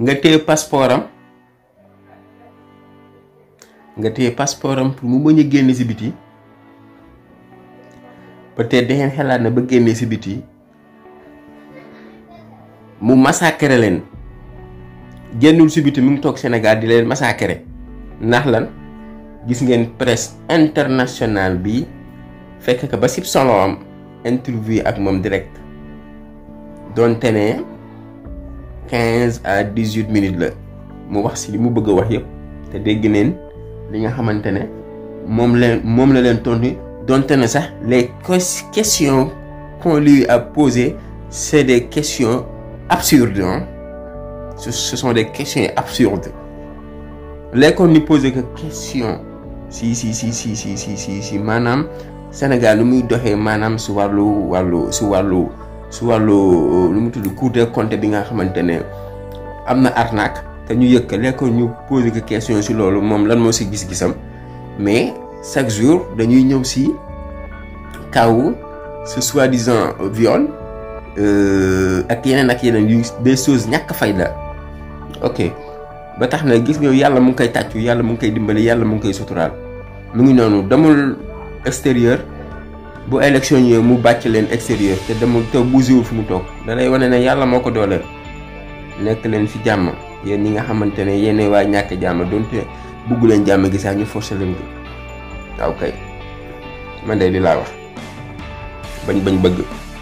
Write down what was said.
nga téye passeport nga téye passeport pour mu bañ a génn si biti peut-être da ngeen xalaat na ba génnee si biti mu massacré leen génnul si biti mu ngi toog Sénégal di leen massacré ndax lan gis ngeen presse internationale bi fekk ka ba sib solo am interview ak moom direct doonte ne 15 à 18 minutes la mu wax si li mu bëgg a wax yëpp te dégg neen li nga xamante ne moom leen la leen tontu donte ne sax les questions qu'on lui a posées c'est des questions absurdes hein ce, ce sont des questions absurdes léegi qu'on lui posé que questions si si si si si si si si maanaam Sénégal lu muy doxee maanaam si wàllu wàllu si wàllu soit le euh, lu de compte Cour des comptes bi nga xamantene amna arnaque te ñu yëkkale ko ñu posé des question sur lan mais chaque jour dañuy kaw ce soit disant viol euh, ak yeneen ak des choses ok ba tax na gis yalla mu ngi koy mu ngi koy dimbali mu ngi mu ngi extérieur bu élection ñëwee mu bàcc leen extérieur te dama te buusiwul fu mu toog dalay wane ne yàlla moo ko dooleel nekk leen fi jàmm yéen ñi nga xamante ne yéen waa ñàkk jàmm donte bugg leen jàmm gi sax ñu forcé leen ko waaw kay man de li laa wax bañ bañ bëgg